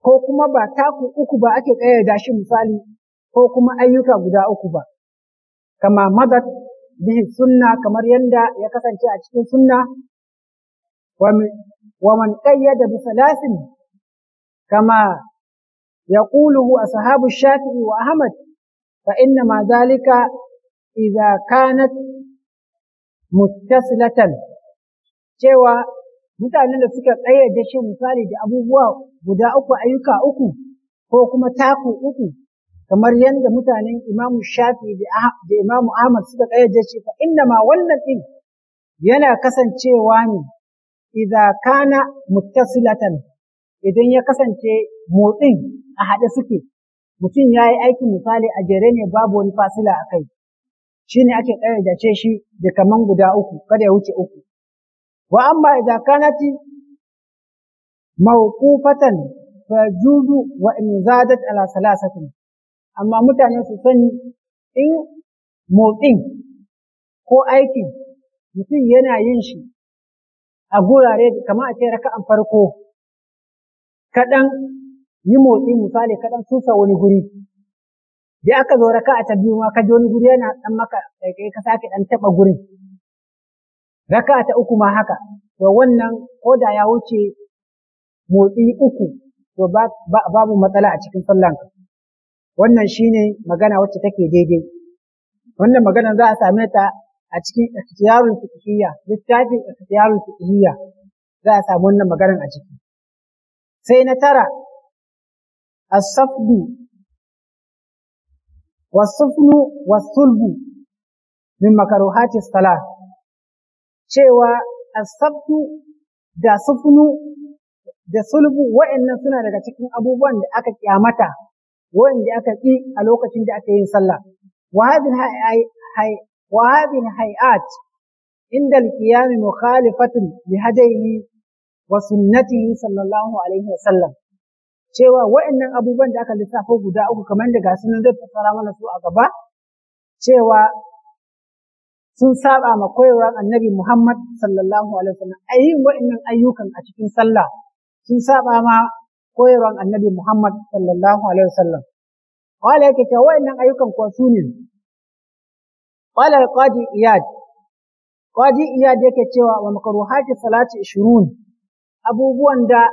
ko kuma ba taku uku ba ake da shi misali ko kuma ayyuka guda uku ba kama madad bihi sunna kamar yanda ya kasance a cikin sunna wa man qayyada bi salasin kama yaquluhu ashabu shafi'i wa ahmad fa inna ma zalika idza kanat muttasilatan cewa mutanen da suka tsaye da shi misali da abubuwa guda uku ayyuka uku ko kuma taku uku kamar yadda mutanen imamu shafi da imamu ahmad suka tsaye da shi fa inna ma wannan din yana kasancewa ne idza kana muttasilatan idan ya kasance motsin a haɗe suke mutum ya yi aiki misali a jere ne babu wani fasila a kai shi ne ake ƙayyadace shi da kaman guda uku kada ya wuce uku wa amma idza kanati mawqufatan fajudu wa in zadat ala salasatin amma mutane su sani in motsin ko aikin mutum yana yin shi a gurare kamar a ce raka'an farko kaɗan yi motsi misali kaɗan susa wani guri da aka zo raka'a ta biyu ma ka je wani guri yana ɗan maka kai ka sake ɗan taɓa gurin raka ta uku ma haka to wannan koda ya wuce motsi uku to babu matsala a cikin sallan wannan shine magana wacce take daidai wannan magana za a same ta a cikin ikhtiyarun fiqhiyya littafin ikhtiyarun fiqhiyya za a samu wannan maganar a ciki sai na tara as-safdu was-sufnu was-sulbu min makaruhati salat cewa asabtu da sufnu da sulbu wa'annan suna daga cikin abubuwan da aka kyamata wa'anda aka ƙi a lokacin da aka yi sallah wa hadhihi hay'at inda al-qiyam mukhalifatun li hadayhi wa sunnatihi sallallahu alaihi wa sallam cewa wa'annan abubuwan da aka lissafo guda uku kamar da gasu nan zai fassara mana su a gaba cewa sun saba ma koyarwar annabi Muhammad sallallahu alaihi wasallam a yin wa'annan ayyukan a cikin sallah sun saba ma koyarwar annabi Muhammad sallallahu alaihi wasallam wala yake cewa wa'annan ayyukan ko su ne wala qadi iyad qadi iyad yake cewa wa makruhati salati 20 abubuwan da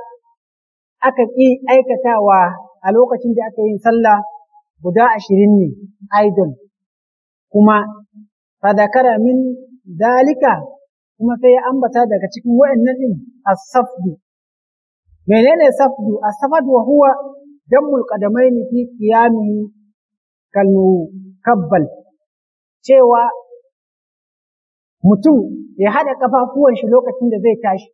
aka ƙi aikatawa a lokacin da aka yi sallah guda ashirin ne aidan kuma fa min dalika kuma sai ya ambata daga cikin wa'annan din as-safdu menene safdu as-safdu wa huwa dammul qadamaini fi qiyami kal kabbal cewa mutum ya haɗa kafafuwan shi lokacin da zai tashi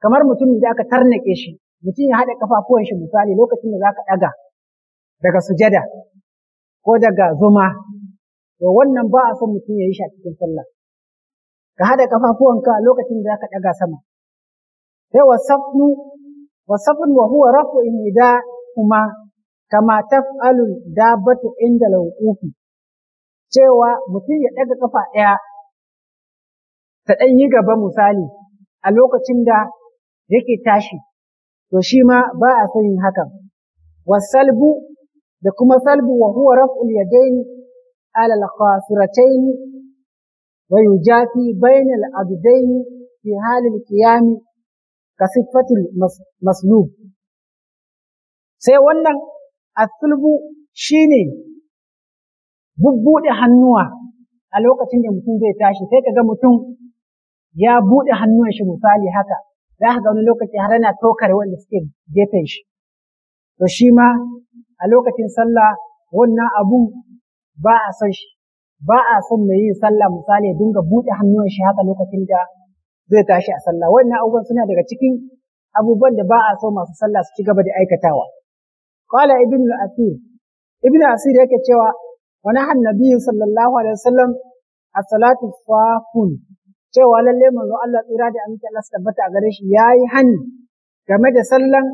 kamar mutum da aka tarnake shi mutum ya haɗa kafafuwan shi misali lokacin da zaka ɗaga daga sujada ko daga zuma to wannan ba a son mutum ya yi shi a cikin sallah ka haɗa kafafuwanka lokacin da zaka ɗaga sama sai wasafnu wasafun wa huwa rafu'in ida kuma kama taf'alul dabatu inda lawqufi cewa mutum ya ɗaga kafa ɗaya ta ɗan yi gaba misali a lokacin da yake tashi, to shi ma ba a son yin hakan. Wasalbu da kuma salbu wa huwa ya yadaini على الخاسرتين ويجافي بين العبدين في حال القيام كصفة المسلوب sai wannan asulbu shine bubbuɗe hannuwa a lokacin da mutum zai tashi sai kaga mutum ya buɗe hannuwan shi misali haka za ka ga wani lokaci har yana tokar wanda suke gefen shi to shi ma a lokacin sallah wannan abun ba a son shi ba a son mai yin sallah misali ya dinga buɗe hannuwan shi haka lokacin da zai tashi a sallah wannan abubuwan suna daga cikin abubuwan da ba a so masu sallah su ci gaba da aikatawa qala ibn asir ibn asir yake cewa wani hannabi sallallahu alaihi wasallam as-salatu safun cewa lalle manzo Allah tsira da amince Allah su tabbata a gare shi yayi hani game da sallan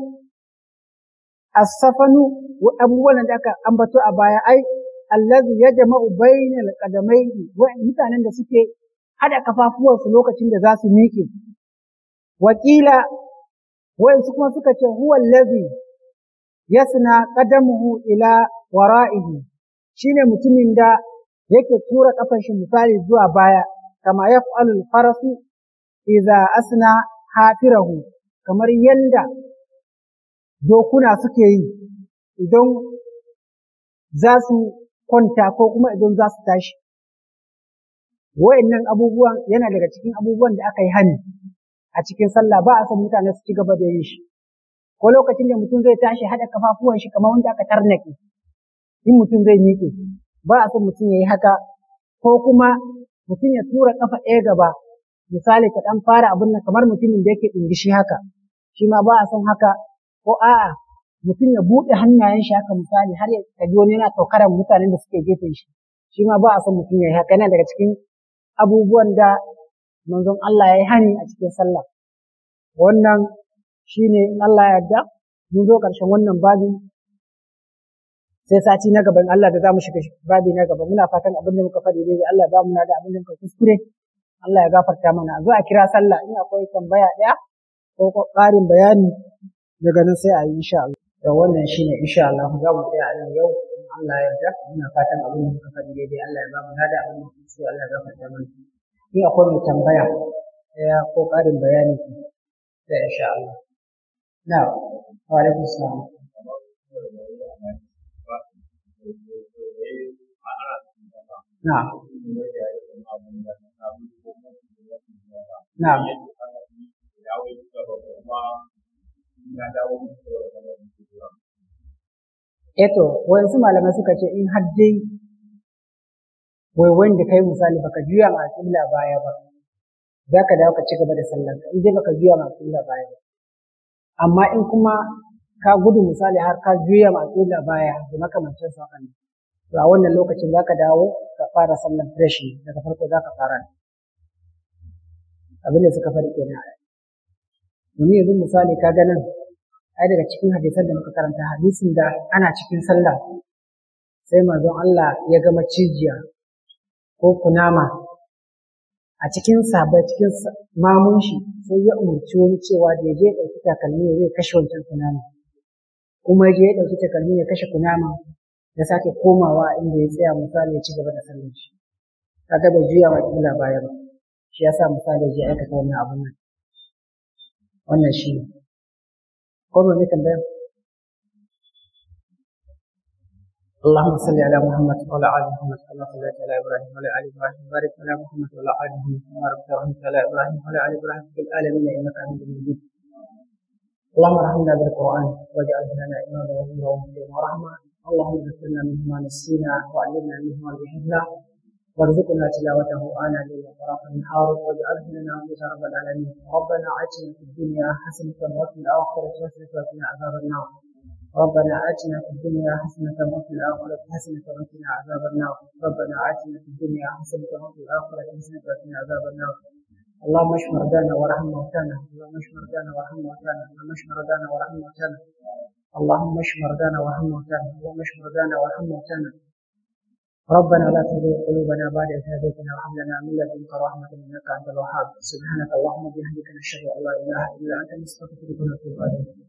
as-safanu abubuwan da aka ambato a baya ai allazi jama'u bainal qadamayhi wa mutanen da suke hada kafafuwarsu lokacin da za su miƙe wakila wayansu kuma suka ce huwa allazi yasna qadamuhu ila wara'ihi shine mutumin da yake tura kafan shi misali zuwa baya kama yaf'alu al-farasu idza asna hafirahu kamar yanda dokuna suke yi idan za su kwanta ko kuma idan za su tashi. Wa'annan abubuwan yana daga cikin abubuwan da aka yi hani a cikin sallah ba a san mutane su ci gaba da yin shi. Ko lokacin da mutum zai tashi haɗa kafafuwan shi kamar wanda aka tarnake, in mutum zai miƙe, ba a san mutum ya yi haka ko kuma mutum ya tura ƙafa ɗaya gaba misali ka ɗan fara abin nan kamar mutumin da yake ɗingishi haka shi ma ba a son haka ko a'a mutum ya buɗe hannayen shi haka misali har ya kaji wani yana taukaran mutanen da suke gefen shi shi ma ba a son mutum ya yi haka yana daga cikin abubuwan da manzon Allah ya yi hani a cikin sallah wannan ne in Allah ya yarda mun zo ƙarshen wannan babin sai sati na gaban Allah da za mu shiga babi na gaba muna fatan abin da muka faɗi da Allah ba mu na da abin da muka kuskure Allah ya gafarta mana zo a kira sallah in akwai tambaya ɗaya ko ƙarin bayani daga nan sai a yi insha Allah da wannan shine insha Allah za mu tsaya a yau in Allah ya yarda muna fatan abin da kuka faɗi daidai Allah ya ba mu hada abin da muka so Allah ya gafarta mana in akwai mai tambaya ɗaya ko ƙarin bayani da insha Allah na wa alaikum salam na na na eto eh wasu malamai suka ce in har dai wai wanda kai misali baka juya ma alƙibla baya ba za ka dawo ka ci gaba da sallar ka, in dai baka juya ma alƙibla baya ba amma in kuma ka gudu misali har ka juya ma alƙibla baya da makamancin sa hakan to a wannan lokacin za ka dawo ka fara sallar fresh daga farko za ka fara abin da suka fara kenan domin yanzu misali ka ga nan ai daga cikin hadisan da muka karanta hadisin da ana cikin sallah sai mazan Allah ya ga macijiya ko kunama a cikin sabai cikin mamun shi sai ya umarci wani cewa da ya je ɗauki takalmi ya zai kashe wancan kunama kuma ya je ya ɗauki takalmi ya kashe kunama ya sake komawa inda ya tsaya misali ya ci gaba da sallar shi kaga bai juya wa kila baya ba shi yasa misali ya aikata wannan abun nan wannan shi ne قولوا لي كم بيان اللهم صل على محمد وعلى ال محمد كما صليت على ابراهيم وعلى ال ابراهيم وبارك على محمد وعلى ال محمد كما باركت على ابراهيم وعلى ال ابراهيم في العالمين انك حميد مجيد اللهم ارحمنا بالقران واجعله لنا اماما ونورا ورحمه اللهم اغفر لنا مما نسينا وعلمنا منه ما جهلنا وارزقنا تلاوته آنا الليل وأطراف النهار واجعله لنا موسى رب العالمين ربنا آتنا في الدنيا حسنة وفي الآخرة حسنة وقنا عذاب النار ربنا آتنا في الدنيا حسنة وفي الآخرة حسنة وقنا عذاب النار ربنا آتنا في الدنيا حسنة وفي الآخرة حسنة وقنا عذاب النار اللهم اشف مرضانا وارحم موتانا اللهم اشف مرضانا وارحم موتانا اللهم اشف مرضانا وارحم موتانا اللهم اشف مرضانا وارحم موتانا اللهم اشف مرضانا وارحم موتانا ربنا لا تزغ قلوبنا بعد إذ هديتنا وهب لنا من لدنك رحمة إنك أنت الوهاب سبحانك اللهم وبحمدك نشهد أن لا إله إلا أنت نستغفرك ونتوب إليك